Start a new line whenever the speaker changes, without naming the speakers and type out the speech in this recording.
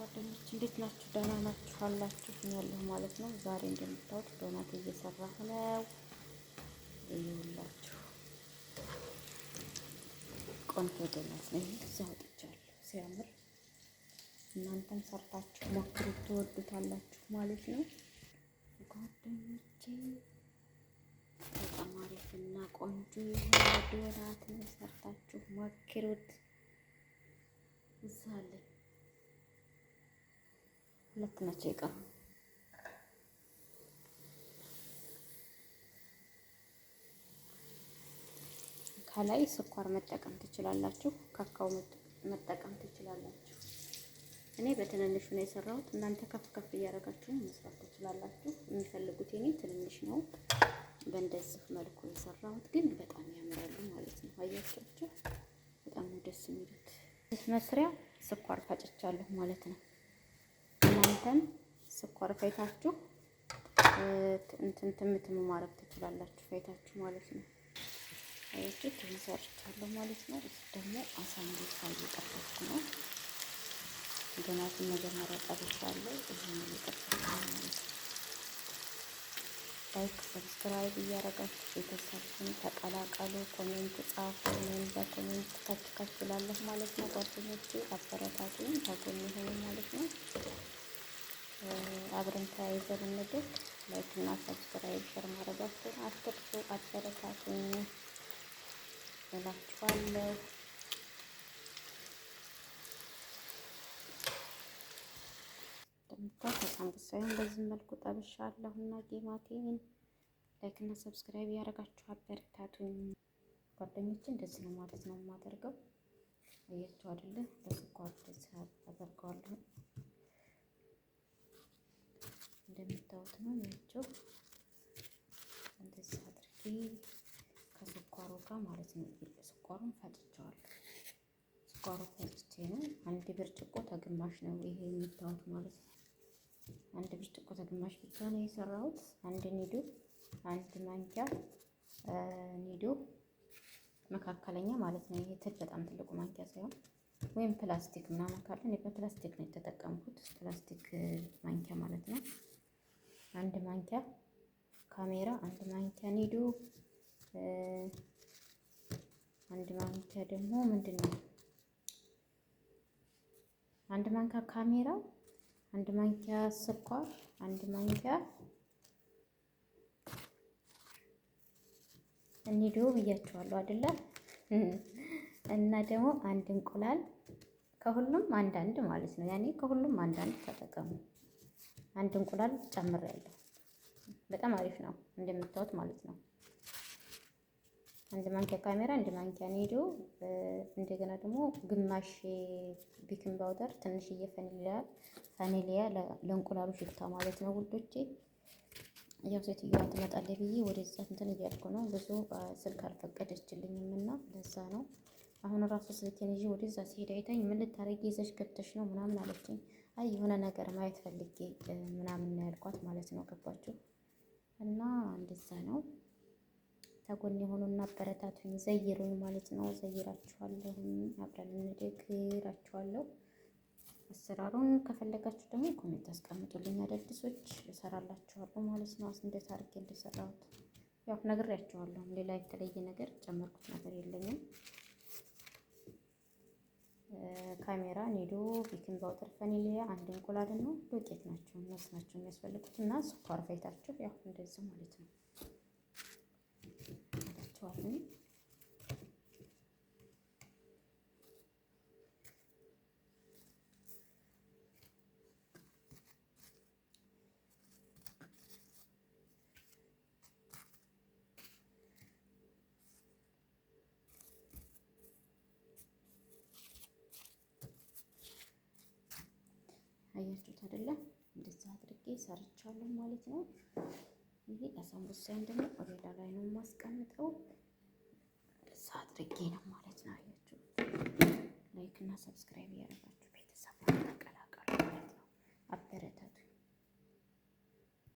ጓደኞች እንዴት ናችሁ? ደህና ናችሁ አላችሁ? ያለሁ ማለት ነው። ዛሬ እንደምታዩት ዶናት እየሰራሁ ነው። ይኸውላችሁ ቆንጆ ዶናት ነው። ይሄ አውጥቻለሁ፣ ሲያምር እናንተም ሰርታችሁ ሞክሩ፣ ትወዱታላችሁ ማለት ነው ጓደኞቼ። በጣም አሪፍ አሪፍና ቆንጆ የሆነ ዶናት ነው፣ ሰርታችሁ ሞክሩት። እዛ አለች ሁለት ናቸው የቀሩ። ከላይ ስኳር መጠቀም ትችላላችሁ፣ ካካው መጠቀም ትችላላችሁ። እኔ በትንንሹ ነው የሰራሁት። እናንተ ከፍ ከፍ እያደረጋችሁ መስራት ትችላላችሁ። የሚፈልጉት የኔ ትንንሽ ነው። በእንደዚህ መልኩ የሰራሁት ግን በጣም ያምራሉ ማለት ነው። አያቸው በጣም ነው ደስ የሚሉት። መስሪያ ስኳር ፈጭቻለሁ ማለት ነው። እናንተን ስኳር ፈይታችሁ እንትን ትምትም ማድረግ ትችላላችሁ። ፈይታችሁ ማለት ነው። አያችሁ ተመሰርቻለሁ ማለት ነው። እሱ ደግሞ አሳ እየጠበስኩ ነው። ገናቱን መጀመሪያ ጠብሻለሁ። እዚህ እየጠበስኩ ነው ላይክ ሰብስክራይብ እያደረጋችሁ ቤተሰብን ተቀላቀሉ። ኮሜንት ጻፉ። በኮሜንት እላለሁ ማለት ነው። ጓደኞቼ አበረታቱኝ፣ ሆኑ ማለት ነው። አብረን ተያይዘን እንድን ላይክ እና ሰብስክራይብ ሼር ማድረጋችሁን አትርሱ። አበረታቱኝ እላችኋለሁ። እንደምታው ሳምቡሳዬን በዚህ መልኩ ጠብሻለሁ እና ጌማቴን ላይክ እና ሰብስክራይብ ያደረጋችሁ አበረታቱኝ ጓደኞቼ። እንደዚህ ነው ማለት ነው የማደርገው። አያችሁ አይደለ? በስኳር ደስ አደርገዋለሁ እንደምታዩት ነው። ያቸው እንደዚህ አድርጌ ከስኳሩ ጋር ማለት ነው። ስኳሩን ፈጭቸዋለሁ። ስኳሩ ፈጭቼ ነው። አንድ ብርጭቆ ተግማሽ ነው ይሄ የሚታወት ማለት ነው። አንድ ብርጭቆ ተግማሽ ብቻ ነው የሰራሁት። አንድ ኒዶ፣ አንድ ማንኪያ ኒዶ መካከለኛ ማለት ነው። ይሄ ትል በጣም ትልቁ ማንኪያ ሳይሆን ወይም ፕላስቲክ ምናምን ካለ በፕላስቲክ ነው የተጠቀምኩት። ፕላስቲክ ማንኪያ ማለት ነው። አንድ ማንኪያ ካሜራ፣ አንድ ማንኪያ ኒዶ፣ አንድ ማንኪያ ደግሞ ምንድን ነው? አንድ ማንኪያ ካሜራ፣ አንድ ማንኪያ ስኳር፣ አንድ ማንኪያ ኒዶ ብያቸዋለሁ አይደለ? እና ደግሞ አንድ እንቁላል ከሁሉም አንዳንድ ማለት ነው። ያኔ ከሁሉም አንዳንድ ተጠቀሙ። አንድ እንቁላል ጨምሬያለሁ። በጣም አሪፍ ነው እንደምታዩት ማለት ነው። አንድ ማንኪያ ካሜራ አንድ ማንኪያ ኒዶ፣ እንደገና ደግሞ ግማሽ ቤኪንግ ፓውደር፣ ትንሽዬ ቫኒላ ቫኒላ ለእንቁላሉ ሽታ ማለት ነው ውዶቼ። ያው ሴትዮዋ ትመጣለች ብዬ ወደዛ እንትን እያልኩ ነው። ብዙ ስልክ አልፈቀደችልኝም እና ለዛ ነው አሁን ራሱ ስልኬን ይዤ ወደዛ ሲሄድ አይታኝ ምን ልታረጊ ይዘሽ ገብተሽ ነው ምናምን አለችኝ። አይ የሆነ ነገር ማየት ፈልጌ ምናምን ነው ያልኳት ማለት ነው። ገባችሁ? እና እንደዛ ነው። ተጎን የሆኑና አበረታቱኝ፣ ዘይሩኝ ማለት ነው። ዘይራችኋለሁ፣ አብረን እንደግ አሰራሩን ከፈለጋችሁ ደግሞ ኮሜንት አስቀምጡልኝ፣ አዳዲሶች እሰራላችኋለሁ ማለት ነው። እንዴት አድርጌ እንደሰራሁት ያው ነግሬያችኋለሁ። ሌላ የተለየ ነገር ጨመርኩት ነገር የለኝም። ካሜራ ኒዶ ቤኪንግ ፓውደር ቫኒሊያ፣ አንድ እንቁላል ነው ዱቄት ናቸው እነሱ ናቸው የሚያስፈልጉት እና ስኳር ፈይታችሁ ያው እንደዚህ ማለት ነው አላችኋለሁ። አያችሁት አይደለም? እንደዛ አድርጌ ሰርቻለሁ ማለት ነው። ይሄ አሳምቡሳዬን ደግሞ ሌላ ላይ ነው የማስቀምጠው። እንደዛ አድርጌ ነው ማለት ነው። አያችሁት። ላይክ እና ሰብስክራይብ ያደርጋል።